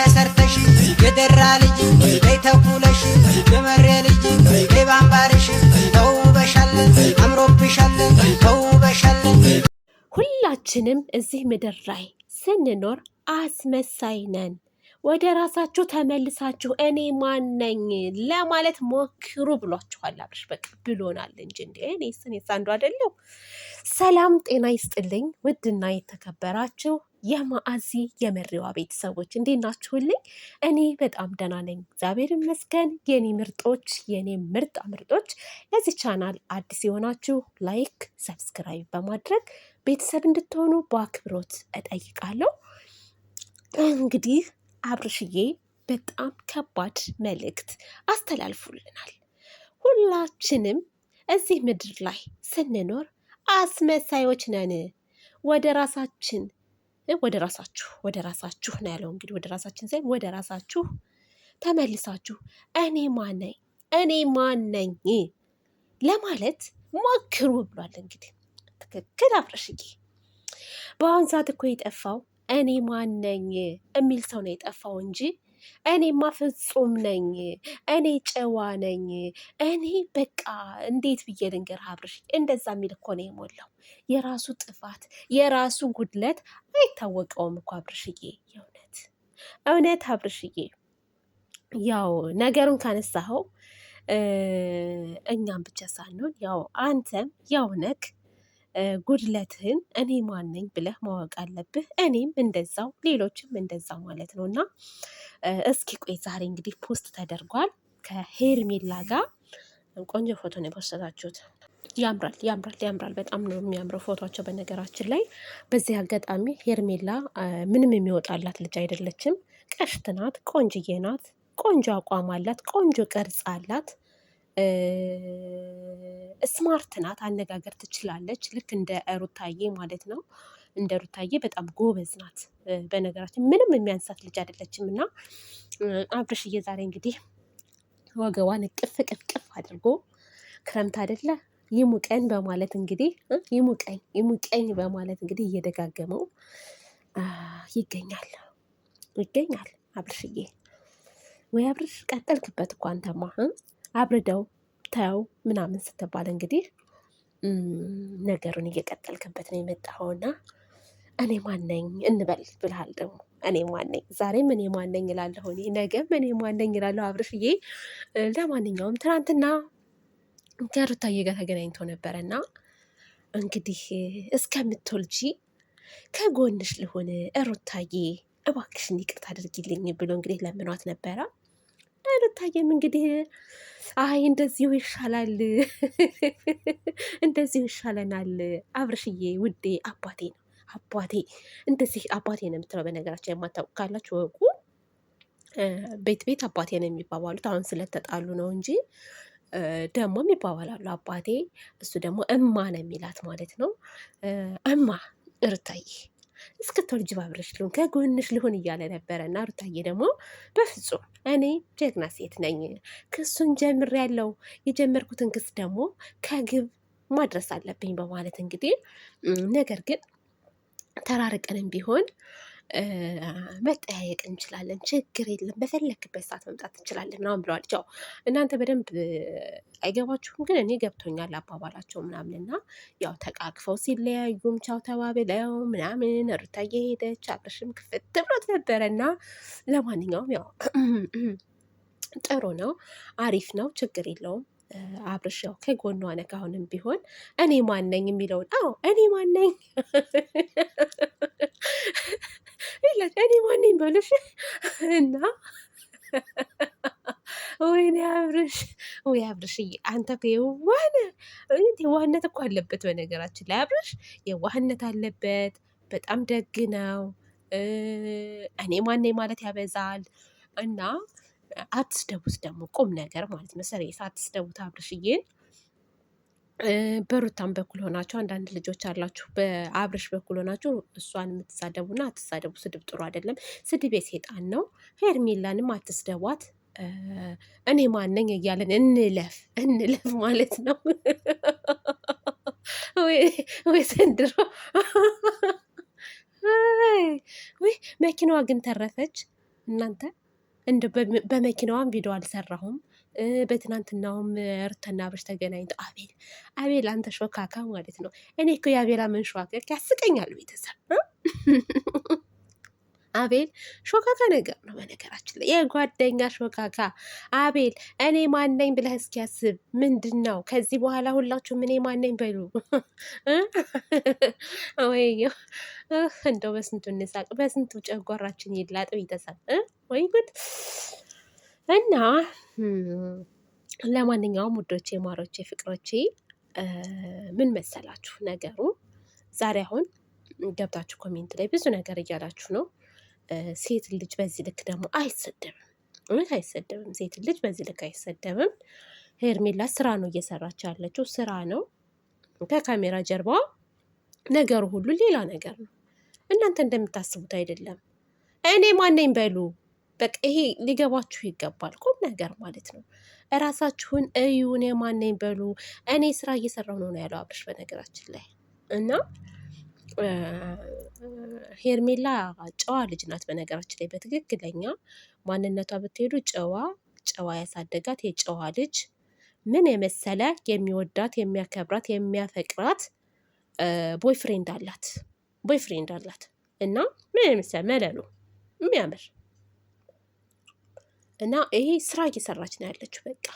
ተሰርተሽ የደራ ልጅ በይ ተኩለሽ የመሬ ልጅ በይ ባምባርሽ ተውበሻለን አምሮብሻለን ሁላችንም እዚህ ምድር ላይ ስንኖር አስመሳይ ነን። ወደ ራሳችሁ ተመልሳችሁ እኔ ማነኝ ለማለት ሞክሩ ብሏችኋል። አብርሽ በቃ ብሎናል እንጂ እንደ እኔ ስኔ ሳንዱ አይደለው። ሰላም ጤና ይስጥልኝ ውድና የተከበራችሁ የማአዚ የመሪዋ ቤተሰቦች እንዴት ናችሁልኝ? እኔ በጣም ደህና ነኝ፣ እግዚአብሔር ይመስገን። የኔ ምርጦች፣ የኔ ምርጣ ምርጦች፣ ለዚህ ቻናል አዲስ የሆናችሁ ላይክ፣ ሰብስክራይብ በማድረግ ቤተሰብ እንድትሆኑ በአክብሮት እጠይቃለሁ። እንግዲህ አብርሽዬ በጣም ከባድ መልእክት አስተላልፉልናል። ሁላችንም እዚህ ምድር ላይ ስንኖር አስመሳዮች ነን። ወደ ራሳችን ወደ ራሳችሁ ወደ ራሳችሁ ነው ያለው እንግዲህ ወደ ራሳችን ሳይሆን ወደ ራሳችሁ ተመልሳችሁ እኔ ማነኝ እኔ ማነኝ ለማለት ሞክሩ ብሏል። እንግዲህ ትክክል አብርሽዬ፣ በአሁን ሰዓት እኮ የጠፋው እኔ ማን ነኝ የሚል ሰው ነው የጠፋው እንጂ እኔማ ፍጹም ነኝ፣ እኔ ጨዋ ነኝ፣ እኔ በቃ እንዴት ብዬ ልንገር ሀብርሽ እንደዛ የሚል እኮ ነው የሞላው። የራሱ ጥፋት የራሱ ጉድለት አይታወቀውም እኮ ሀብርሽዬ። የእውነት እውነት ሀብርሽዬ፣ ያው ነገሩን ካነሳኸው እኛም ብቻ ሳንሆን ያው አንተም ያው ነክ ጉድለትህን እኔ ማነኝ ብለህ ማወቅ አለብህ። እኔም እንደዛው ሌሎችም እንደዛው ማለት ነው። እና እስኪ ቆይ ዛሬ እንግዲህ ፖስት ተደርጓል ከሄርሜላ ጋር ቆንጆ ፎቶ ነው የፖስተታችሁት። ያምራል ያምራል ያምራል። በጣም ነው የሚያምረው ፎቶቸው። በነገራችን ላይ በዚህ አጋጣሚ ሄርሜላ ምንም የሚወጣላት ልጅ አይደለችም። ቀሽት ናት። ቆንጅዬ ናት። ቆንጆ አቋም አላት። ቆንጆ ቅርጽ አላት። ስማርት ናት፣ አነጋገር ትችላለች። ልክ እንደ ሩታዬ ማለት ነው። እንደ ሩታዬ በጣም ጎበዝ ናት። በነገራችን ምንም የሚያንሳት ልጅ አይደለችም። እና አብርሽዬ ዛሬ እንግዲህ ወገቧን ቅፍ ቅፍ አድርጎ ክረምት አይደለ ይሙቀን በማለት እንግዲህ ይሙቀኝ ይሙቀኝ በማለት እንግዲህ እየደጋገመው ይገኛል ይገኛል። አብርሽዬ ወይ አብርሽ ቀጠልክበት እኮ አንተማ አብርደው ተው ምናምን ስትባል እንግዲህ ነገሩን እየቀጠልክበት ነው የመጣኸውና እኔ ማነኝ እንበል ብልሃል። ደግሞ እኔ ማነኝ ዛሬም እኔ ማነኝ እላለሁ፣ እኔ ነገም እኔ ማነኝ እላለሁ አብርሽዬ። ለማንኛውም ትናንትና ከሩታዬ ጋር ተገናኝቶ ነበረና እንግዲህ እስከምትወልጂ ከጎንሽ ልሆን ሩታዬ እባክሽን ይቅርታ አድርጊልኝ ብሎ እንግዲህ ለምኗት ነበረ። ሩታዬም እንግዲህ አይ እንደዚሁ ይሻላል፣ እንደዚሁ ይሻለናል። አብርሽዬ ውዴ አባቴ ነው አባቴ እንደዚህ አባቴ ነው የምትለው። በነገራችን የማታውቁ ካላችሁ ወቁ። ቤት ቤት አባቴ ነው የሚባባሉት። አሁን ስለተጣሉ ነው እንጂ ደግሞ ይባባላሉ። አባቴ እሱ ደግሞ እማ ነው የሚላት ማለት ነው። እማ እርታዬ እስክትወልጅ ባብረሽ ልሁን ከጎንሽ ልሁን እያለ ነበረ እና ሩታዬ ደግሞ በፍጹም እኔ ጀግና ሴት ነኝ፣ ክሱን ጀምር ያለው የጀመርኩትን ክስ ደግሞ ከግብ ማድረስ አለብኝ በማለት እንግዲህ ነገር ግን ተራርቀንም ቢሆን መጠያየቅ እንችላለን። ችግር የለም። በፈለክበት ሰዓት መምጣት እንችላለን ምናምን ብለዋል። ቻው እናንተ በደንብ አይገባችሁም፣ ግን እኔ ገብቶኛል አባባላቸው ምናምን እና ያው ተቃቅፈው ሲለያዩም ቻው ተባብለው ምናምን ሩታዬ ሄደች፣ አብርሽም ክፍት ብሎት ነበረ እና ለማንኛውም ያው ጥሩ ነው፣ አሪፍ ነው፣ ችግር የለውም። አብርሽ ያው ከጎኗ ነህ አሁንም ቢሆን እኔ ማን ነኝ የሚለውን አዎ እኔ ማን ነኝ ይላት እኔ ማን ነኝ በልሽ እና ወይኔ አብርሽ ወይ አብርሽ፣ አንተ የዋነ የዋህነ የዋህነት እኮ አለበት። በነገራችን ላይ አብርሽ የዋህነት አለበት። በጣም ደግ ነው። እኔ ማነኝ ማለት ያበዛል እና አትስደቡት፣ ደግሞ ቁም ነገር ማለት ነው። ስሬስ አትስደቡት አብርሽዬን በሩታም በኩል ሆናችሁ አንዳንድ ልጆች አላችሁ፣ በአብርሽ በኩል ሆናችሁ እሷን የምትሳደቡና አትሳደቡ። ስድብ ጥሩ አይደለም። ስድብ የሴጣን ነው። ሄርሜላንም አትስደቧት። እኔ ማነኝ እያለን እንለፍ እንለፍ ማለት ነው ወይ ዘንድሮ ወይ መኪናዋ ግን ተረፈች እናንተ እንደ በመኪናዋም ቪዲዮ አልሰራሁም። በትናንትናውም እርተና አብርሽ ተገናኝቶ አቤል አቤል አንተ ሾካካ ማለት ነው። እኔ እኮ የአቤላ መንሸዋከክ ያስቀኛል ቤተሰብ አቤል ሾካካ ነገር ነው። በነገራችን ላይ የጓደኛ ሾካካ አቤል እኔ ማነኝ ብለህ እስኪያስብ ምንድን ነው? ከዚህ በኋላ ሁላችሁም እኔ ማነኝ በሉ። ወይ እንደው በስንቱ እንሳቅ፣ በስንቱ ጨጓራችን ይላጥ ይተሳል። ወይ ጉድ እና ለማንኛውም ውዶቼ፣ ማሮቼ፣ ፍቅሮቼ ምን መሰላችሁ ነገሩ ዛሬ አሁን ገብታችሁ ኮሜንት ላይ ብዙ ነገር እያላችሁ ነው ሴት ልጅ በዚህ ልክ ደግሞ አይሰደብም። እውነት አይሰደብም። ሴት ልጅ በዚህ ልክ አይሰደብም። ሄርሜላ ስራ ነው እየሰራች ያለችው፣ ስራ ነው። ከካሜራ ጀርባ ነገሩ ሁሉ ሌላ ነገር ነው። እናንተ እንደምታስቡት አይደለም። እኔ ማነኝ በሉ። በቃ ይሄ ሊገባችሁ ይገባል። ቁም ነገር ማለት ነው። እራሳችሁን እኔ ማነኝ በሉ። እኔ ስራ እየሰራሁ ነው ነው ያለው አብርሽ በነገራችን ላይ እና ሄርሜላ ጨዋ ልጅ ናት። በነገራችን ላይ በትክክለኛ ማንነቷ ብትሄዱ ጨዋ ጨዋ ያሳደጋት የጨዋ ልጅ ምን የመሰለ የሚወዳት የሚያከብራት የሚያፈቅራት ቦይፍሬንድ አላት ቦይፍሬንድ አላት እና ምን የመሰለ መለሉ የሚያምር እና ይሄ ስራ እየሰራች ነው ያለችው። በቃ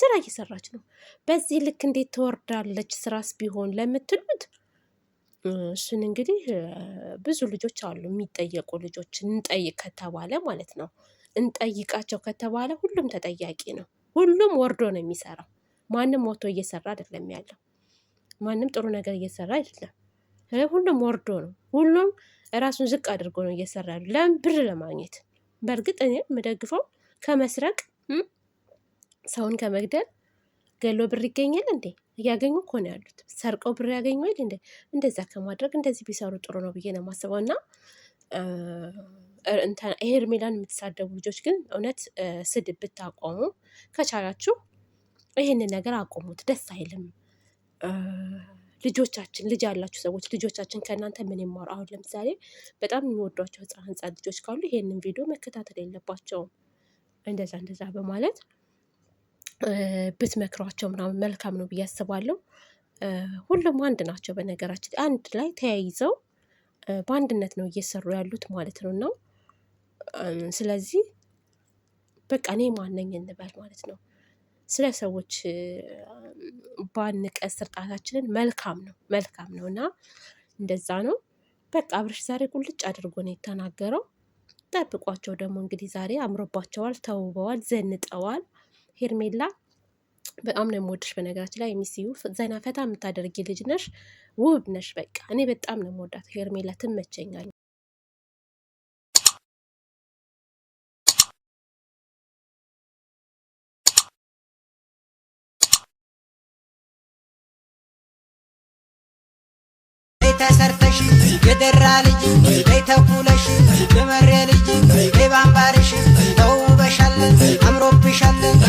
ስራ እየሰራች ነው። በዚህ ልክ እንዴት ትወርዳለች? ስራስ ቢሆን ለምትሉት እሱን እንግዲህ ብዙ ልጆች አሉ የሚጠየቁ ልጆች እንጠይቅ ከተባለ ማለት ነው። እንጠይቃቸው ከተባለ ሁሉም ተጠያቂ ነው ሁሉም ወርዶ ነው የሚሰራው። ማንም ወጥቶ እየሰራ አይደለም ያለው። ማንም ጥሩ ነገር እየሰራ አይደለም። ሁሉም ወርዶ ነው ሁሉም ራሱን ዝቅ አድርጎ ነው እየሰራ ያሉ ለምን ብር ለማግኘት። በእርግጥ እኔ የምደግፈው ከመስረቅ ሰውን ከመግደል ገሎ ብር ይገኛል እንዴ? እያገኙ እኮ ነው ያሉት። ሰርቀው ብር ያገኙ አይደል እንዴ? እንደዛ ከማድረግ እንደዚህ ቢሰሩ ጥሩ ነው ብዬ ነው የማስበው። እና ሄርሜላን የምትሳደቡ ልጆች ግን እውነት ስድብ ብታቆሙ ከቻላችሁ ይህንን ነገር አቆሙት። ደስ አይልም። ልጆቻችን ልጅ ያላችሁ ሰዎች ልጆቻችን ከእናንተ ምን ይማሩ? አሁን ለምሳሌ በጣም የሚወዷቸው ህፃን ህፃን ልጆች ካሉ ይሄንን ቪዲዮ መከታተል የለባቸውም። እንደዛ እንደዛ በማለት ብትመክሯቸው ምናምን መልካም ነው ብዬ አስባለሁ። ሁሉም አንድ ናቸው በነገራችን አንድ ላይ ተያይዘው በአንድነት ነው እየሰሩ ያሉት ማለት ነው። ነው ስለዚህ በቃ እኔ ማነኝ እንበል ማለት ነው። ስለ ሰዎች ባንቀስር ጣታችንን መልካም ነው መልካም ነው እና እንደዛ ነው። በቃ አብርሽ ዛሬ ቁልጭ አድርጎ ነው የተናገረው። ጠብቋቸው ደግሞ እንግዲህ ዛሬ አምሮባቸዋል ተውበዋል ዘንጠዋል። ሄርሜላ በጣም ነው የምወድሽ። በነገራችን ላይ የሚስዩ ዘና ፈታ የምታደርጊ ልጅ ነሽ፣ ውብ ነሽ። በቃ እኔ በጣም ነው የምወዳት ሄርሜላ፣ ትመቸኛል። ተሰርተሽ የደራ ልጅ ተኩለሽ የመሬ ልጅ ባምባርሽ ተውበሻለን አምሮብሻ